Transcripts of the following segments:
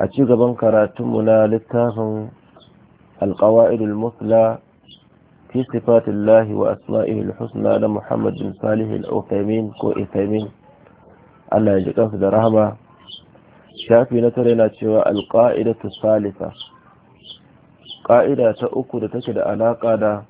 a ci gaban karatunmu na littafin alƙawa'idul musla fi sifatin lahi wa asma'il husna na muhammadin salihin al'ufaimin ko ifaimin allah ya ji kansu da rahama shafi na tare na cewa alƙa'idatu salisa ƙa'ida ta uku da take da alaƙa da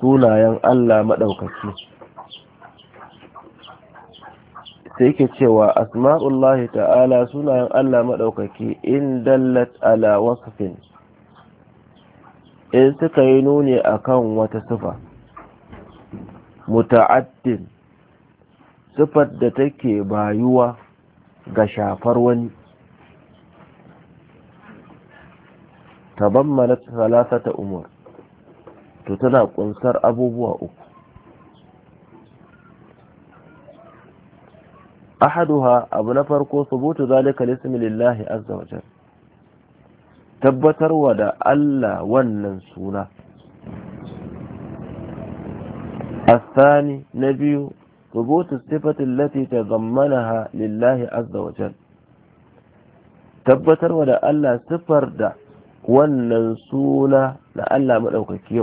sunayen allah maɗaukaki sai ke cewa asma'ullahi ta'ala sunayen Allah maɗaukaki in dallat ala wasfin in suka yi nuni a kan wata sifa muta'addin sifar da take bayuwa ga shafar wani salasa ta Umar, to tana kunsar abubuwa uku ahaduha abu na farko subutu zalika lismi lillahi azza wa jal tabbatarwa da Allah wannan suna الثاني نبي ثبوت الصفة التي تضمنها لله عز وجل tabbatar wa da Allah siffar da wannan suna da Allah maɗaukaki ya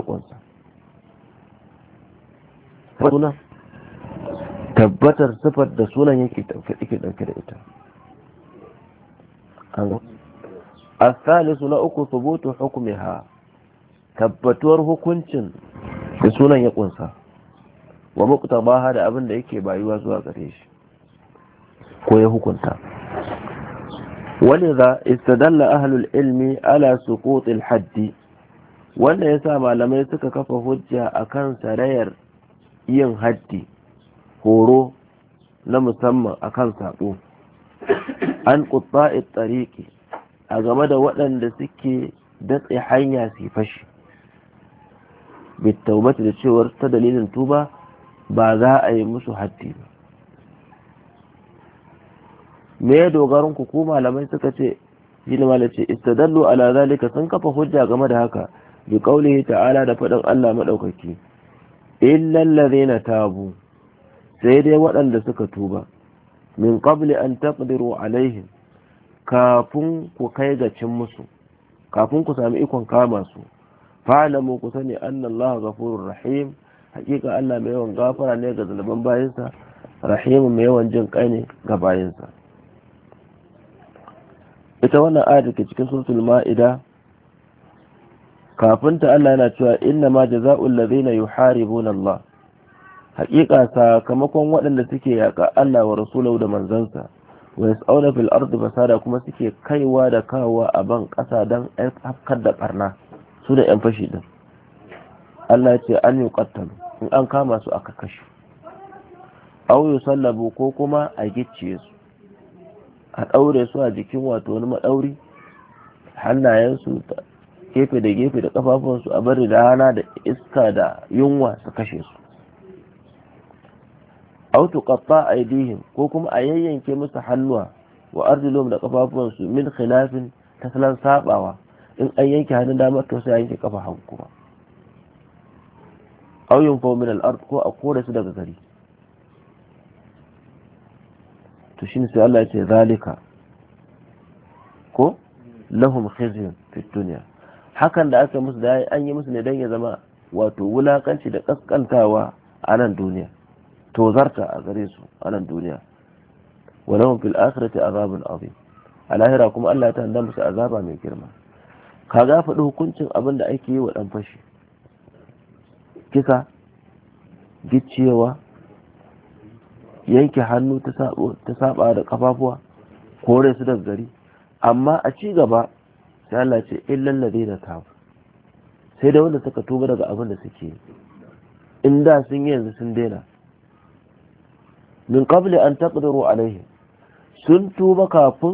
tabbatar sifar da sunan yake ɗauke da ita A الثالث na uku ثبوت حكمها tabbatuwar hukuncin da sunan ya kunsa wa muqtabaha da abin da yake bayuwa zuwa gare shi ko ya hukunta Wani ولذا استدل أهل العلم على سقوط haddi, wanda ya sa malamai suka kafa hujja a kan sarayar yin haddi horo na musamman a kan saɓo an ƙutsa'i tsariƙi a game da waɗanda suke datse hanya su fashi bittaubata da cewar ta dalilin tuba ba za a yi musu haddi ba me ya dogarin ku ko malamai suka ce jini malam ce istadallu ala zalika sun kafa hujja game da haka bi ƙaule ta'ala da faɗin Allah maɗaukaki illal na tabu sai dai waɗanda suka tuba min qabli an taqdiru alaihim kafin ku kai ga cin musu kafin ku sami ikon kama su fa'lamu ku sani anna ghafurur rahim hakika Allah mai yawan gafara ne ga zalban bayinsa rahimu mai yawan jin kai ne ga bayinsa ita wannan ayar ke cikin suratul ma'ida kafin ta Allah yana cewa inna ma jazaa'ul ladina yuharibuna Allah haƙiƙa sakamakon waɗanda suke yaƙa Allah wa rasulau da manzansa wa yas'awna fil ardi fasada kuma suke kaiwa da kawa a ban ƙasa don hafkar da barna su da yan fashi din Allah ya ce an yuqattalu in an kama su aka kashe aw yusallabu ko kuma a gicce su a ɗaure su a jikin wato wani maɗauri hannayensu gefe da gefe da ƙafafunsu a bari da hana da iska da yunwa su kashe su aw tuqatta aydihim ko kuma a yayyanke musu hannuwa wa arjulum da kafafuwansu min khilafin tasalan sabawa in an yanke hannun dama to sai yanke kafa hanku kuma aw yunfaw min al-ard ko a kore su daga gari to shine sai Allah ya ce zalika ko lahum khizyun fi dunya hakan da aka musu da an yi musu ne dan ya zama wato wulakanci da kaskantawa a nan duniya tozarta a gare su a nan duniya walahum fil akhirati azabun azim a lahira kuma Allah ya tanda musu azaba mai girma ka ga faɗi hukuncin abin da ake yi wa ɗan fashi kisa gicciyewa yanke hannu ta saba da kafafuwa kore su daga gari amma a ci gaba sai Allah ce illal ladina tabu sai da wanda suka tuba daga abin da suke in da sun yi yanzu sun daina min qabli an taqdiru alaihi sun tuba kafin